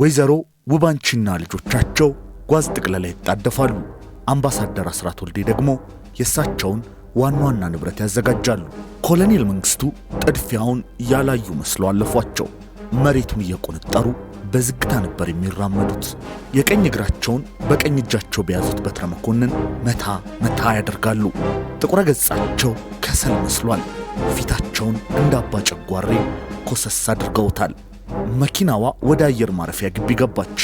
ወይዘሮ ውባንቺና ልጆቻቸው ጓዝ ጥቅለላ ይጣደፋሉ። አምባሳደር አስራት ወልዴ ደግሞ የእሳቸውን ዋና ዋና ንብረት ያዘጋጃሉ። ኮሎኔል መንግስቱ ጥድፊያውን ያላዩ መስሎ አለፏቸው። መሬቱን እየቆነጠሩ በዝግታ ነበር የሚራመዱት። የቀኝ እግራቸውን በቀኝ እጃቸው በያዙት በትረ መኮንን መታ መታ ያደርጋሉ። ጥቁረ ገጻቸው ከሰል መስሏል። ፊታቸውን አባ ጨጓሬ ኮሰስ አድርገውታል። መኪናዋ ወደ አየር ማረፊያ ግቢ ገባች።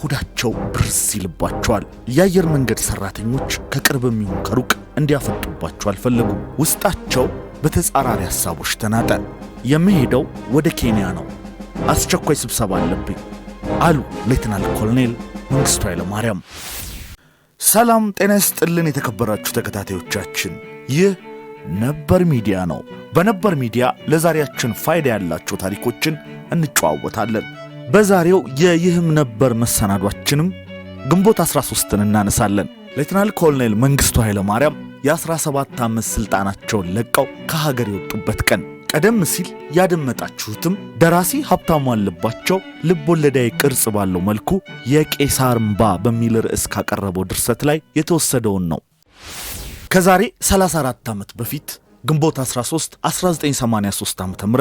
ሆዳቸው ብርስ ይልባቸዋል። የአየር መንገድ ሰራተኞች ከቅርብ የሚሆን ከሩቅ እንዲያፈጡባቸው አልፈለጉም። ውስጣቸው በተጻራሪ ሐሳቦች ተናጠ። የምሄደው ወደ ኬንያ ነው፣ አስቸኳይ ስብሰባ አለብኝ አሉ ሌትናል ኮሎኔል መንግሥቱ ኃይለማርያም። ሰላም ጤና ይስጥልን የተከበራችሁ ተከታታዮቻችን ይህ ነበር ሚዲያ ነው። በነበር ሚዲያ ለዛሬያችን ፋይዳ ያላቸው ታሪኮችን እንጨዋወታለን። በዛሬው የይህም ነበር መሰናዷችንም ግንቦት 13ን እናነሳለን። ሌትናል ኮሎኔል መንግስቱ ኃይለ ማርያም የ17 ዓመት ሥልጣናቸውን ለቀው ከሀገር የወጡበት ቀን። ቀደም ሲል ያደመጣችሁትም ደራሲ ሀብታሙ አለባቸው ልቦለዳዊ ቅርጽ ባለው መልኩ የቄሳር እምባ በሚል ርዕስ ካቀረበው ድርሰት ላይ የተወሰደውን ነው። ከዛሬ 34 ዓመት በፊት ግንቦት 13 1983 ዓ.ም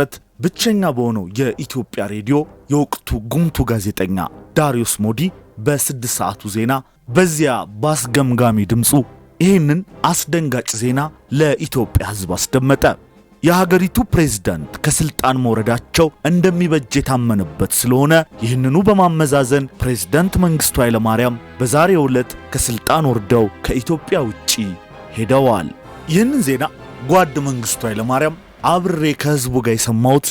ብቸኛ በሆነው የኢትዮጵያ ሬዲዮ የወቅቱ ጉምቱ ጋዜጠኛ ዳሪዮስ ሞዲ በስድስት ሰዓቱ ዜና በዚያ በአስገምጋሚ ድምፁ ይህንን አስደንጋጭ ዜና ለኢትዮጵያ ሕዝብ አስደመጠ። የሀገሪቱ ፕሬዝዳንት ከስልጣን መውረዳቸው እንደሚበጅ የታመነበት ስለሆነ ይህንኑ በማመዛዘን ፕሬዝዳንት መንግስቱ ኃይለማርያም በዛሬው ዕለት ከስልጣን ወርደው ከኢትዮጵያ ውጪ ሄደዋል። ይህንን ዜና ጓድ መንግስቱ ኃይለማርያም አብሬ ከህዝቡ ጋር የሰማሁት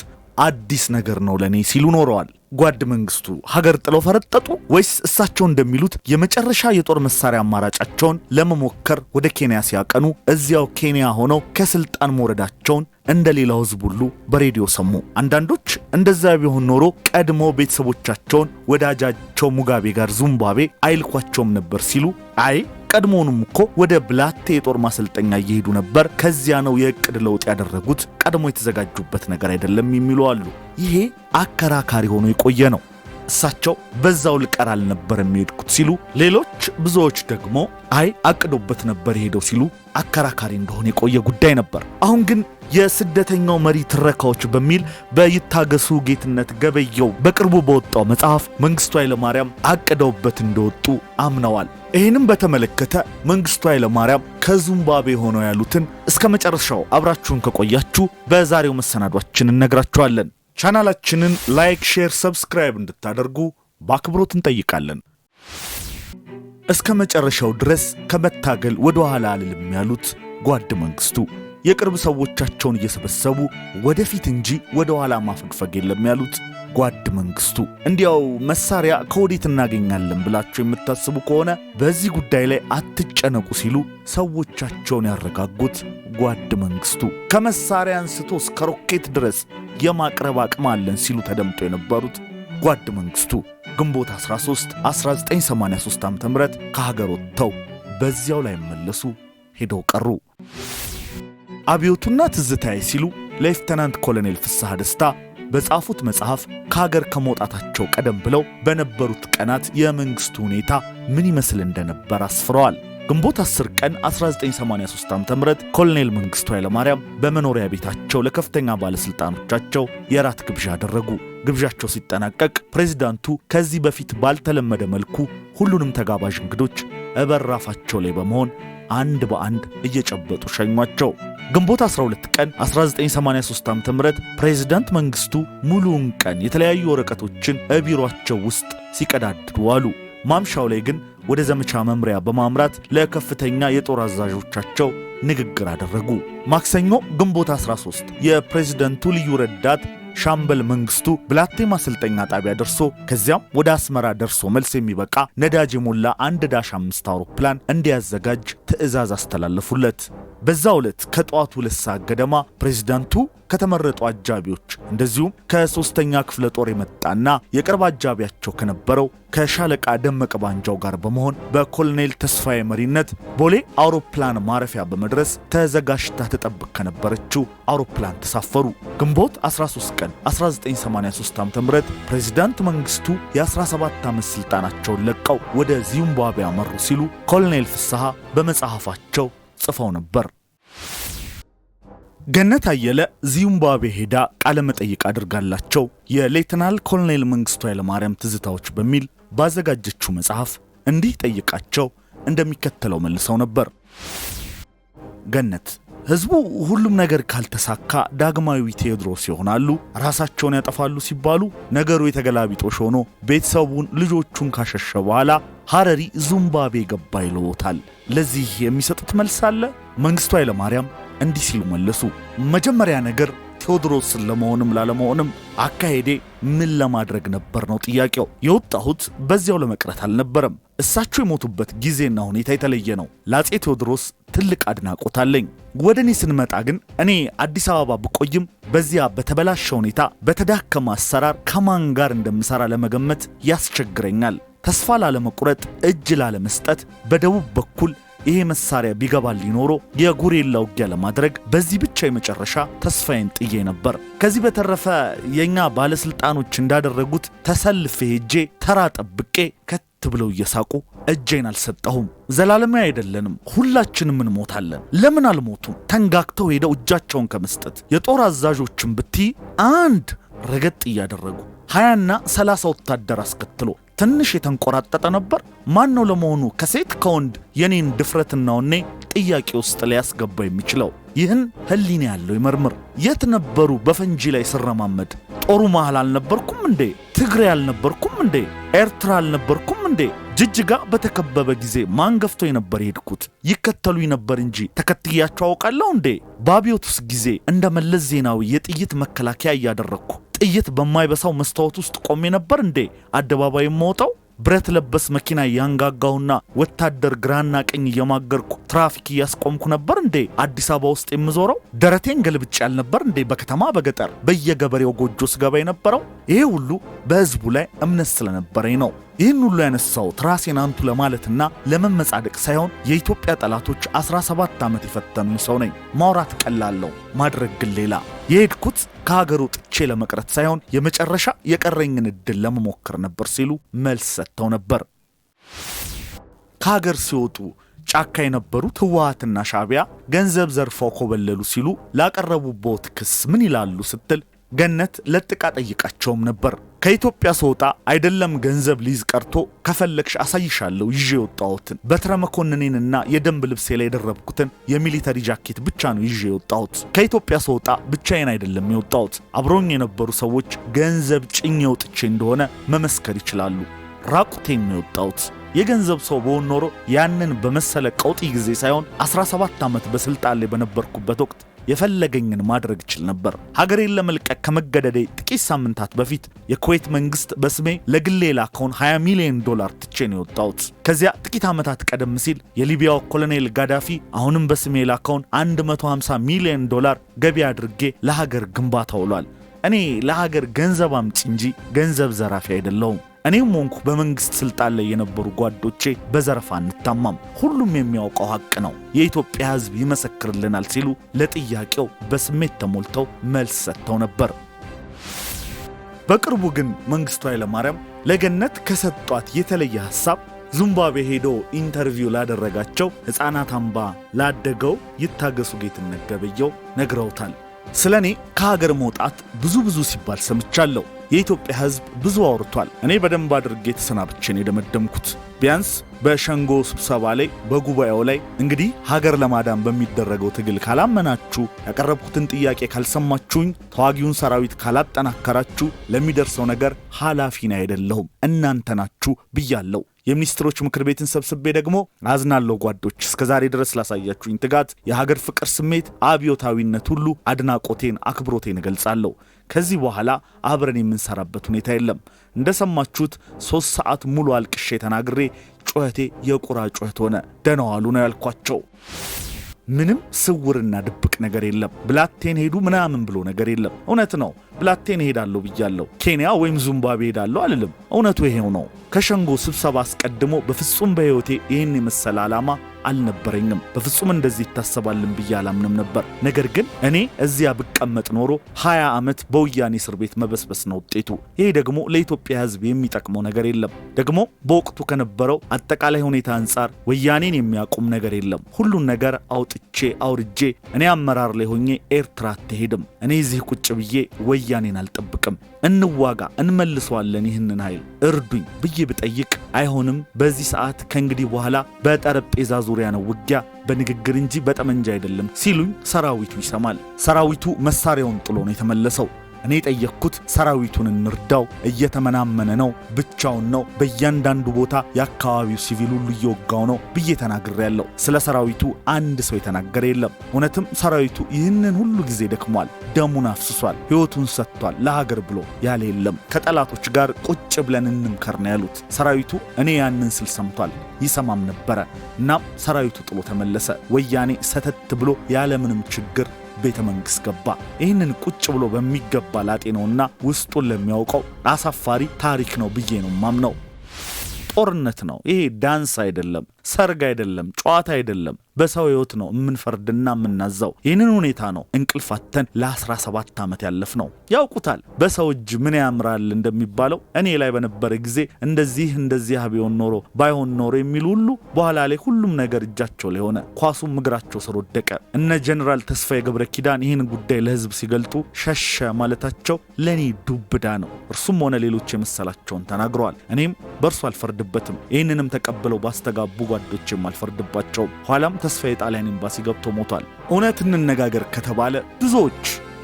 አዲስ ነገር ነው ለእኔ ሲሉ ኖረዋል። ጓድ መንግስቱ ሀገር ጥለው ፈረጠጡ ወይስ እሳቸው እንደሚሉት የመጨረሻ የጦር መሳሪያ አማራጫቸውን ለመሞከር ወደ ኬንያ ሲያቀኑ እዚያው ኬንያ ሆነው ከስልጣን መውረዳቸውን እንደ ሌላው ህዝብ ሁሉ በሬዲዮ ሰሙ። አንዳንዶች እንደዛ ቢሆን ኖሮ ቀድሞ ቤተሰቦቻቸውን ወዳጃቸው ሙጋቤ ጋር ዙምባቤ አይልኳቸውም ነበር ሲሉ አይ ቀድሞውንም እኮ ወደ ብላቴ የጦር ማሰልጠኛ እየሄዱ ነበር። ከዚያ ነው የእቅድ ለውጥ ያደረጉት። ቀድሞ የተዘጋጁበት ነገር አይደለም የሚሉ አሉ። ይሄ አከራካሪ ሆኖ የቆየ ነው። እሳቸው በዛው ልቀር አልነበር የሚሄድኩት ሲሉ፣ ሌሎች ብዙዎች ደግሞ አይ አቅዶበት ነበር የሄደው ሲሉ አከራካሪ እንደሆነ የቆየ ጉዳይ ነበር። አሁን ግን የስደተኛው መሪ ትረካዎች በሚል በይታገሱ ጌትነት ገበየው በቅርቡ በወጣው መጽሐፍ መንግስቱ ኃይለማርያም አቅደውበት እንደወጡ አምነዋል። ይህንም በተመለከተ መንግስቱ ኃይለማርያም ከዙምባቤ ሆነው ያሉትን እስከ መጨረሻው አብራችሁን ከቆያችሁ በዛሬው መሰናዷችን እነግራችኋለን። ቻናላችንን ላይክ፣ ሼር፣ ሰብስክራይብ እንድታደርጉ በአክብሮት እንጠይቃለን። እስከ መጨረሻው ድረስ ከመታገል ወደ ኋላ አልልም ያሉት ጓድ መንግስቱ የቅርብ ሰዎቻቸውን እየሰበሰቡ ወደፊት እንጂ ወደ ኋላ ማፈግፈግ የለም ያሉት ጓድ መንግስቱ፣ እንዲያው መሳሪያ ከወዴት እናገኛለን ብላችሁ የምታስቡ ከሆነ በዚህ ጉዳይ ላይ አትጨነቁ ሲሉ ሰዎቻቸውን ያረጋጉት ጓድ መንግስቱ ከመሳሪያ አንስቶ እስከ ሮኬት ድረስ የማቅረብ አቅም አለን ሲሉ ተደምጦ የነበሩት ጓድ መንግስቱ ግንቦት 13 1983 ዓ ም ከሀገር ወጥተው በዚያው ላይ መለሱ ሄደው ቀሩ። አብዮቱና ትዝታዬ ሲሉ ሌፍተናንት ኮሎኔል ፍስሐ ደስታ በጻፉት መጽሐፍ ከሀገር ከመውጣታቸው ቀደም ብለው በነበሩት ቀናት የመንግሥቱ ሁኔታ ምን ይመስል እንደነበር አስፍረዋል። ግንቦት 10 ቀን 1983 ዓ.ም ኮሎኔል መንግስቱ ኃይለማርያም በመኖሪያ ቤታቸው ለከፍተኛ ባለስልጣኖቻቸው የራት ግብዣ አደረጉ። ግብዣቸው ሲጠናቀቅ ፕሬዚዳንቱ ከዚህ በፊት ባልተለመደ መልኩ ሁሉንም ተጋባዥ እንግዶች እበራፋቸው ላይ በመሆን አንድ በአንድ እየጨበጡ ሸኟቸው። ግንቦት 12 ቀን 1983 ዓ.ም ፕሬዝዳንት መንግስቱ ሙሉውን ቀን የተለያዩ ወረቀቶችን በቢሮቸው ውስጥ ሲቀዳድዱ አሉ። ማምሻው ላይ ግን ወደ ዘመቻ መምሪያ በማምራት ለከፍተኛ የጦር አዛዦቻቸው ንግግር አደረጉ። ማክሰኞ ግንቦት 13 የፕሬዚደንቱ ልዩ ረዳት ሻምበል መንግስቱ ብላቴ ማሰልጠኛ ጣቢያ ደርሶ ከዚያም ወደ አስመራ ደርሶ መልስ የሚበቃ ነዳጅ የሞላ አንድ ዳሽ አምስት አውሮፕላን እንዲያዘጋጅ ትዕዛዝ አስተላለፉለት። በዛ ዕለት ከጠዋቱ ሁለት ሰዓት ገደማ ፕሬዝዳንቱ ከተመረጡ አጃቢዎች እንደዚሁም ከሶስተኛ ክፍለ ጦር የመጣና የቅርብ አጃቢያቸው ከነበረው ከሻለቃ ደመቀ ባንጃው ጋር በመሆን በኮሎኔል ተስፋዬ መሪነት ቦሌ አውሮፕላን ማረፊያ በመድረስ ተዘጋጅታ ተጠብቅ ከነበረችው አውሮፕላን ተሳፈሩ። ግንቦት 13 ቀን 1983 ዓ.ም ፕሬዚዳንት መንግስቱ የ17 ዓመት ሥልጣናቸውን ለቀው ወደ ዚምባብዌ አመሩ ሲሉ ኮሎኔል ፍስሐ በመጽሐፋቸው ጽፈው ነበር። ገነት አየለ ዚምባብዌ ሄዳ ቃለ መጠይቅ አድርጋላቸው የሌተናል ኮሎኔል መንግስቱ ኃይለማርያም ትዝታዎች በሚል ባዘጋጀችው መጽሐፍ እንዲህ ጠይቃቸው እንደሚከተለው መልሰው ነበር። ገነት ህዝቡ ሁሉም ነገር ካልተሳካ ዳግማዊ ቴዎድሮስ ይሆናሉ፣ ራሳቸውን ያጠፋሉ ሲባሉ ነገሩ የተገላቢጦሽ ሆኖ ቤተሰቡን ልጆቹን ካሸሸ በኋላ ሐረሪ ዙምባቤ ገባ ይለዎታል። ለዚህ የሚሰጡት መልስ አለ። መንግሥቱ ኃይለማርያም እንዲህ ሲሉ መለሱ። መጀመሪያ ነገር ቴዎድሮስን ለመሆንም ላለመሆንም አካሄዴ ምን ለማድረግ ነበር ነው ጥያቄው። የወጣሁት በዚያው ለመቅረት አልነበረም። እሳቸው የሞቱበት ጊዜና ሁኔታ የተለየ ነው። ለአፄ ቴዎድሮስ ትልቅ አድናቆት አለኝ። ወደ እኔ ስንመጣ ግን እኔ አዲስ አበባ ብቆይም በዚያ በተበላሸ ሁኔታ በተዳከመ አሰራር ከማን ጋር እንደምሰራ ለመገመት ያስቸግረኛል። ተስፋ ላለመቁረጥ፣ እጅ ላለመስጠት በደቡብ በኩል ይሄ መሳሪያ ቢገባልኝ ኖሮ የጉሬላ ውጊያ ለማድረግ በዚህ ብቻ የመጨረሻ ተስፋዬን ጥዬ ነበር። ከዚህ በተረፈ የእኛ ባለስልጣኖች እንዳደረጉት ተሰልፌ ሄጄ ተራ ጠብቄ ከት ብለው እየሳቁ እጄን አልሰጠሁም። ዘላለማዊ አይደለንም፣ ሁላችንም እንሞታለን። ለምን አልሞቱም? ተንጋግተው ሄደው እጃቸውን ከመስጠት የጦር አዛዦችን ብትይ አንድ ረገጥ እያደረጉ ሀያና ሰላሳ ወታደር አስከትሎ ትንሽ የተንቆራጠጠ ነበር። ማን ነው ለመሆኑ ከሴት ከወንድ የኔን ድፍረትና ወኔ ጥያቄ ውስጥ ሊያስገባ የሚችለው? ይህን ህሊና ያለው ይመርምር። የት ነበሩ በፈንጂ ላይ ስረማመድ ጦሩ መሃል አልነበርኩም እንዴ? ትግሬ አልነበርኩም እንዴ? ኤርትራ አልነበርኩም እንዴ? ጅጅጋ በተከበበ ጊዜ ማንገፍቶ የነበር የሄድኩት ይከተሉኝ ነበር እንጂ ተከትያቸው አውቃለሁ እንዴ? በአብዮቱስ ጊዜ እንደ መለስ ዜናዊ የጥይት መከላከያ እያደረግኩ ጥይት በማይበሳው መስታወት ውስጥ ቆሜ ነበር እንዴ አደባባይ የምወጣው? ብረት ለበስ መኪና ያንጋጋውና ወታደር ግራና ቀኝ እየማገርኩ ትራፊክ እያስቆምኩ ነበር እንዴ አዲስ አበባ ውስጥ የምዞረው? ደረቴን ገልብጬ ያልነበር እንዴ በከተማ በገጠር በየገበሬው ጎጆ ስገባ የነበረው? ይሄ ሁሉ በህዝቡ ላይ እምነት ስለነበረኝ ነው። ይህን ሁሉ ያነሳሁት ራሴን አንቱ ለማለትና ለመመጻደቅ ሳይሆን የኢትዮጵያ ጠላቶች 17 ዓመት የፈተኑኝ ሰው ነኝ። ማውራት ቀላለው ማድረግ ግን ሌላ። የሄድኩት ከሀገሩ ጥቼ ለመቅረት ሳይሆን የመጨረሻ የቀረኝን እድል ለመሞከር ነበር ሲሉ መልስ ሰጥተው ነበር። ከሀገር ሲወጡ ጫካ የነበሩት ህወሓትና ሻቢያ ገንዘብ ዘርፈው ኮበለሉ ሲሉ ላቀረቡበት ክስ ምን ይላሉ ስትል ገነት ለጥቃ ጠይቃቸውም ነበር። ከኢትዮጵያ ስወጣ አይደለም ገንዘብ ሊዝ ቀርቶ ከፈለግሽ አሳይሻለሁ ይዤ የወጣሁትን በትረ መኮንኔንና የደንብ ልብሴ ላይ የደረብኩትን የሚሊተሪ ጃኬት ብቻ ነው ይዤ የወጣሁት። ከኢትዮጵያ ስወጣ ብቻዬን አይደለም የወጣሁት። አብሮኝ የነበሩ ሰዎች ገንዘብ ጭኝ ወጥቼ እንደሆነ መመስከር ይችላሉ። ራቁቴን ነው የወጣሁት። የገንዘብ ሰው በሆን ኖሮ ያንን በመሰለ ቀውጢ ጊዜ ሳይሆን 17 ዓመት በስልጣን ላይ በነበርኩበት ወቅት የፈለገኝን ማድረግ እችል ነበር። ሀገሬን ለመልቀቅ ከመገደዴ ጥቂት ሳምንታት በፊት የኩዌት መንግስት በስሜ ለግሌ የላከውን 20 ሚሊዮን ዶላር ትቼ ነው የወጣሁት። ከዚያ ጥቂት ዓመታት ቀደም ሲል የሊቢያው ኮሎኔል ጋዳፊ አሁንም በስሜ የላከውን 150 ሚሊዮን ዶላር ገቢ አድርጌ ለሀገር ግንባታ ውሏል። እኔ ለሀገር ገንዘብ አምጪ እንጂ ገንዘብ ዘራፊ አይደለሁም። እኔም ሆንኩ በመንግስት ስልጣን ላይ የነበሩ ጓዶቼ በዘረፋ አንታማም፣ ሁሉም የሚያውቀው ሀቅ ነው፣ የኢትዮጵያ ሕዝብ ይመሰክርልናል ሲሉ ለጥያቄው በስሜት ተሞልተው መልስ ሰጥተው ነበር። በቅርቡ ግን መንግስቱ ኃይለማርያም ለገነት ከሰጧት የተለየ ሀሳብ ዙምባብዌ ሄዶ ኢንተርቪው ላደረጋቸው ሕፃናት አምባ ላደገው ይታገሱ ጌትነት ገበየው ነግረውታል። ስለ እኔ ከሀገር መውጣት ብዙ ብዙ ሲባል ሰምቻለሁ የኢትዮጵያ ሕዝብ ብዙ አውርቷል። እኔ በደንብ አድርጌ ተሰናብቼን የደመደምኩት ቢያንስ በሸንጎ ስብሰባ ላይ በጉባኤው ላይ እንግዲህ ሀገር ለማዳን በሚደረገው ትግል ካላመናችሁ፣ ያቀረብኩትን ጥያቄ ካልሰማችሁኝ፣ ተዋጊውን ሰራዊት ካላጠናከራችሁ ለሚደርሰው ነገር ኃላፊን አይደለሁም እናንተ ናችሁ ብያለሁ። የሚኒስትሮች ምክር ቤትን ሰብስቤ ደግሞ አዝናለሁ ጓዶች፣ እስከዛሬ ድረስ ላሳያችሁኝ ትጋት፣ የሀገር ፍቅር ስሜት፣ አብዮታዊነት ሁሉ አድናቆቴን፣ አክብሮቴን እገልጻለሁ። ከዚህ በኋላ አብረን የምንሰራበት ሁኔታ የለም። እንደሰማችሁት ሶስት ሰዓት ሙሉ አልቅሼ ተናግሬ ጩኸቴ የቁራ ጩኸት ሆነ። ደህና ዋሉ ነው ያልኳቸው። ምንም ስውርና ድብቅ ነገር የለም። ብላቴን ሄዱ ምናምን ብሎ ነገር የለም። እውነት ነው ብላቴን እሄዳለሁ ብያለሁ፣ ኬንያ ወይም ዙምባብዌ እሄዳለሁ አልልም። እውነቱ ይሄው ነው። ከሸንጎ ስብሰባ አስቀድሞ በፍጹም በሕይወቴ ይህን የመሰለ ዓላማ አልነበረኝም። በፍጹም እንደዚህ ይታሰባልን ብዬ አላምንም ነበር። ነገር ግን እኔ እዚያ ብቀመጥ ኖሮ 20 ዓመት በወያኔ እስር ቤት መበስበስ ነው ውጤቱ። ይሄ ደግሞ ለኢትዮጵያ ሕዝብ የሚጠቅመው ነገር የለም። ደግሞ በወቅቱ ከነበረው አጠቃላይ ሁኔታ አንጻር ወያኔን የሚያቁም ነገር የለም። ሁሉን ነገር አውጥቼ አውርጄ እኔ አመራር ላይ ሆኜ ኤርትራ አትሄድም። እኔ እዚህ ቁጭ ብዬ ወያኔን አልጠብቅም። እንዋጋ፣ እንመልሰዋለን። ይህንን ኃይል እርዱኝ ብዬ ብጠይቅ አይሆንም፣ በዚህ ሰዓት ከእንግዲህ በኋላ በጠረጴዛ ዙሪያ ነው ውጊያ፣ በንግግር እንጂ በጠመንጃ አይደለም ሲሉኝ ሰራዊቱ ይሰማል። ሰራዊቱ መሳሪያውን ጥሎ ነው የተመለሰው። እኔ የጠየቅኩት ሰራዊቱን እንርዳው፣ እየተመናመነ ነው፣ ብቻውን ነው፣ በእያንዳንዱ ቦታ የአካባቢው ሲቪል ሁሉ እየወጋው ነው ብዬ ያለው። ስለ ሰራዊቱ አንድ ሰው የተናገረ የለም። እውነትም ሰራዊቱ ይህንን ሁሉ ጊዜ ደክሟል፣ ደሙን አፍስሷል፣ ሕይወቱን ሰጥቷል ለሀገር ብሎ ያለ የለም። ከጠላቶች ጋር ቁጭ ብለን እንምከር ነው ያሉት። ሰራዊቱ እኔ ያንን ስል ሰምቷል፣ ይሰማም ነበረ። እናም ሰራዊቱ ጥሎ ተመለሰ። ወያኔ ሰተት ብሎ ያለምንም ችግር ቤተ መንግሥት ገባ። ይህንን ቁጭ ብሎ በሚገባ ላጤነውና ውስጡን ለሚያውቀው አሳፋሪ ታሪክ ነው ብዬ ነው ማምነው። ጦርነት ነው ይሄ፣ ዳንስ አይደለም። ሰርግ አይደለም፣ ጨዋታ አይደለም። በሰው ህይወት ነው የምንፈርድና የምናዛው። ይህንን ሁኔታ ነው እንቅልፍ አተን ለ17 ዓመት ያለፍ ነው። ያውቁታል በሰው እጅ ምን ያምራል እንደሚባለው እኔ ላይ በነበረ ጊዜ እንደዚህ እንደዚህ ቢሆን ኖሮ ባይሆን ኖሮ የሚሉ ሁሉ በኋላ ላይ ሁሉም ነገር እጃቸው ላይ ሆነ፣ ኳሱም እግራቸው ስር ወደቀ። እነ ጀኔራል ተስፋዬ ገብረ ኪዳን ይህን ጉዳይ ለህዝብ ሲገልጡ ሸሸ ማለታቸው ለእኔ ዱብዳ ነው። እርሱም ሆነ ሌሎች የመሰላቸውን ተናግረዋል። እኔም በእርሱ አልፈርድበትም። ይህንንም ተቀብለው ባስተጋቡ ጓዶችም አልፈርድባቸውም። ኋላም ተስፋ የጣሊያን ኤምባሲ ገብቶ ሞቷል። እውነት እንነጋገር ከተባለ ብዙዎች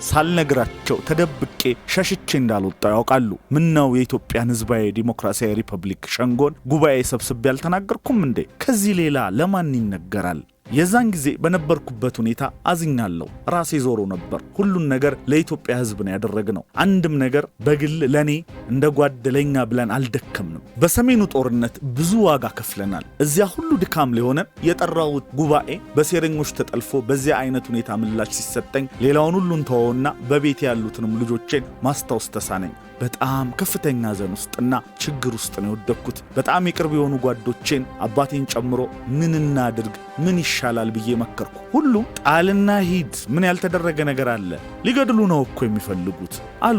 ሳልነግራቸው ተደብቄ ሸሽቼ እንዳልወጣው ያውቃሉ። ነው የኢትዮጵያን ሕዝባዊ ዲሞክራሲያዊ ሪፐብሊክ ሸንጎን ጉባኤ ሰብስቤ ያልተናገርኩም እንዴ? ከዚህ ሌላ ለማን ይነገራል? የዛን ጊዜ በነበርኩበት ሁኔታ አዝኛለሁ። ራሴ ዞሮ ነበር። ሁሉን ነገር ለኢትዮጵያ ሕዝብ ነው ያደረግነው። አንድም ነገር በግል ለእኔ እንደ ጓደለኛ ለኛ ብለን አልደከምንም። በሰሜኑ ጦርነት ብዙ ዋጋ ከፍለናል። እዚያ ሁሉ ድካም ሊሆነ የጠራሁት ጉባኤ በሴረኞች ተጠልፎ በዚያ አይነት ሁኔታ ምላሽ ሲሰጠኝ ሌላውን ሁሉን ተወውና በቤት ያሉትንም ልጆቼን ማስታወስ ተሳነኝ። በጣም ከፍተኛ ዘን ውስጥና ችግር ውስጥ ነው የወደቅኩት። በጣም የቅርብ የሆኑ ጓዶቼን አባቴን ጨምሮ ምን እናድርግ፣ ምን ይሻላል ብዬ መከርኩ። ሁሉም ጣልና ሂድ፣ ምን ያልተደረገ ነገር አለ፣ ሊገድሉ ነው እኮ የሚፈልጉት አሉ።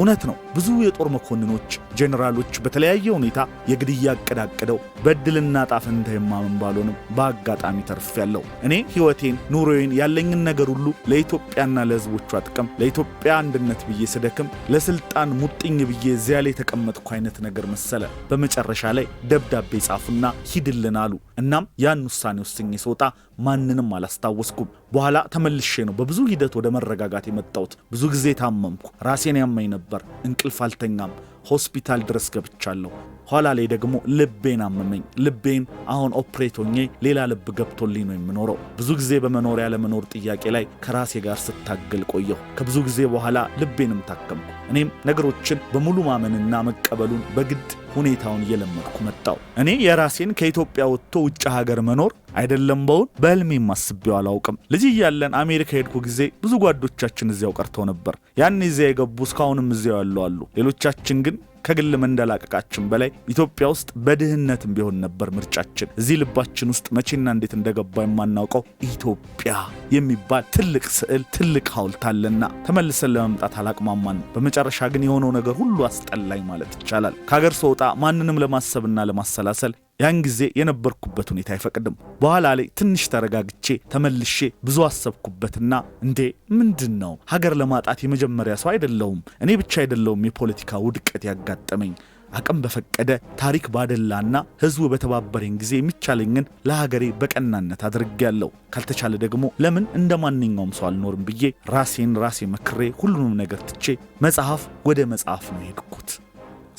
እውነት ነው። ብዙ የጦር መኮንኖች፣ ጄኔራሎች በተለያየ ሁኔታ የግድያ እቅድ አቅደው በእድልና ዕጣ የማምን ባልሆንም በአጋጣሚ ያለው። እኔ ሕይወቴን፣ ኑሮዬን፣ ያለኝን ነገር ሁሉ ለኢትዮጵያና ለሕዝቦቿ ጥቅም፣ ለኢትዮጵያ አንድነት ብዬ ስደክም፣ ለስልጣን ሙጥኝ ብዬ እዚያ ላይ የተቀመጥኩ አይነት ነገር መሰለ። በመጨረሻ ላይ ደብዳቤ ጻፉና ሂድልን አሉ። እናም ያን ውሳኔ ወስኜ ስወጣ ማንንም አላስታወስኩም። በኋላ ተመልሼ ነው በብዙ ሂደት ወደ መረጋጋት የመጣሁት። ብዙ ጊዜ ታመምኩ፣ ራሴን ያመኝ ነበር፣ እንቅልፍ አልተኛም። ሆስፒታል ድረስ ገብቻለሁ። ኋላ ላይ ደግሞ ልቤን አመመኝ። ልቤን አሁን ኦፕሬት ሆኜ ሌላ ልብ ገብቶልኝ ነው የምኖረው። ብዙ ጊዜ በመኖር ለመኖር ጥያቄ ላይ ከራሴ ጋር ስታገል ቆየሁ። ከብዙ ጊዜ በኋላ ልቤንም ታከምኩ። እኔም ነገሮችን በሙሉ ማመንና መቀበሉን በግድ ሁኔታውን እየለመድኩ መጣው። እኔ የራሴን ከኢትዮጵያ ወጥቶ ውጭ ሀገር መኖር አይደለም በውን በህልሜም አስቤው አላውቅም። ልጅ እያለን አሜሪካ ሄድኩ ጊዜ ብዙ ጓዶቻችን እዚያው ቀርተው ነበር። ያን እዚያ የገቡ እስካሁንም እዚያው ያሉ አሉ። ሌሎቻችን ግን ከግል መንደላቀቃችን በላይ ኢትዮጵያ ውስጥ በድህነትም ቢሆን ነበር ምርጫችን። እዚህ ልባችን ውስጥ መቼና እንዴት እንደገባ የማናውቀው ኢትዮጵያ የሚባል ትልቅ ስዕል፣ ትልቅ ሐውልት አለና ተመልሰን ለመምጣት አላቅማማን። በመጨረሻ ግን የሆነው ነገር ሁሉ አስጠላኝ ማለት ይቻላል። ከሀገር ስወጣ ማንንም ለማሰብና ለማሰላሰል ያን ጊዜ የነበርኩበት ሁኔታ አይፈቅድም። በኋላ ላይ ትንሽ ተረጋግቼ ተመልሼ ብዙ አሰብኩበትና እንዴ ምንድን ነው ሀገር ለማጣት የመጀመሪያ ሰው አይደለሁም። እኔ ብቻ አይደለውም የፖለቲካ ውድቀት ያጋጠመኝ አቅም በፈቀደ ታሪክ ባደላና ህዝቡ በተባበረኝ ጊዜ የሚቻለኝን ለሀገሬ በቀናነት አድርጌያለሁ። ካልተቻለ ደግሞ ለምን እንደ ማንኛውም ሰው አልኖርም ብዬ ራሴን ራሴ መክሬ ሁሉንም ነገር ትቼ መጽሐፍ ወደ መጽሐፍ ነው የሄድኩት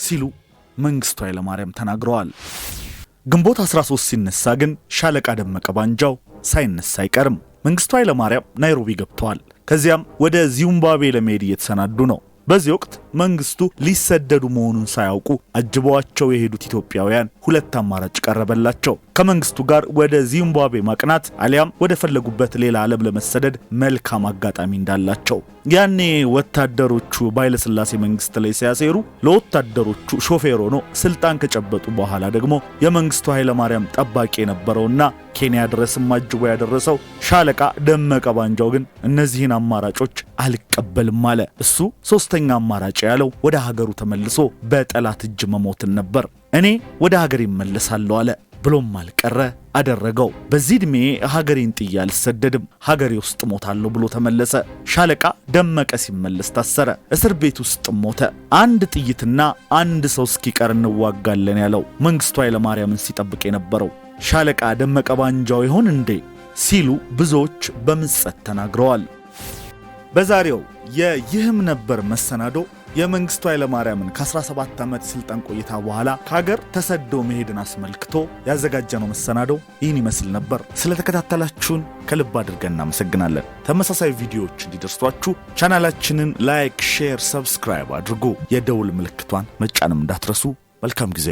ሲሉ መንግስቱ ኃይለማርያም ተናግረዋል። ግንቦት 13 ሲነሳ ግን ሻለቃ ደመቀ ባንጃው ሳይነሳ አይቀርም። መንግስቱ ኃይለማርያም ናይሮቢ ገብተዋል። ከዚያም ወደ ዚምባብዌ ለመሄድ እየተሰናዱ ነው። በዚህ ወቅት መንግስቱ ሊሰደዱ መሆኑን ሳያውቁ አጅበዋቸው የሄዱት ኢትዮጵያውያን ሁለት አማራጭ ቀረበላቸው። ከመንግስቱ ጋር ወደ ዚምባብዌ ማቅናት አሊያም ወደ ፈለጉበት ሌላ ዓለም ለመሰደድ መልካም አጋጣሚ እንዳላቸው ያኔ ወታደሮቹ በኃይለሥላሴ መንግስት ላይ ሲያሴሩ ለወታደሮቹ ሾፌር ሆኖ ስልጣን ከጨበጡ በኋላ ደግሞ የመንግስቱ ኃይለማርያም ጠባቂ የነበረውና ኬንያ ድረስም አጅቦ ያደረሰው ሻለቃ ደመቀ ባንጃው ግን እነዚህን አማራጮች አልቀበልም አለ። እሱ ሶስተኛ አማራጭ ያለው ወደ ሀገሩ ተመልሶ በጠላት እጅ መሞትን ነበር። እኔ ወደ ሀገር ይመለሳለሁ አለ። ብሎም አልቀረ አደረገው። በዚህ ዕድሜ ሀገሬን ጥዬ አልሰደድም፣ ሀገሬ ውስጥ ሞታለሁ ብሎ ተመለሰ። ሻለቃ ደመቀ ሲመለስ ታሰረ፣ እስር ቤት ውስጥ ሞተ። አንድ ጥይትና አንድ ሰው እስኪቀር እንዋጋለን ያለው መንግሥቱ ኃይለማርያምን ሲጠብቅ የነበረው ሻለቃ ደመቀ ባንጃው ይሆን እንዴ ሲሉ ብዙዎች በምጸት ተናግረዋል። በዛሬው የይህም ነበር መሰናዶ የመንግስቱ ኃይለማርያምን ከ17 ዓመት ስልጣን ቆይታ በኋላ ከሀገር ተሰዶ መሄድን አስመልክቶ ያዘጋጀነው መሰናዶ ይህን ይመስል ነበር። ስለተከታተላችሁን ከልብ አድርገን እናመሰግናለን። ተመሳሳይ ቪዲዮዎች እንዲደርሷችሁ ቻናላችንን ላይክ፣ ሼር፣ ሰብስክራይብ አድርጉ። የደውል ምልክቷን መጫንም እንዳትረሱ። መልካም ጊዜ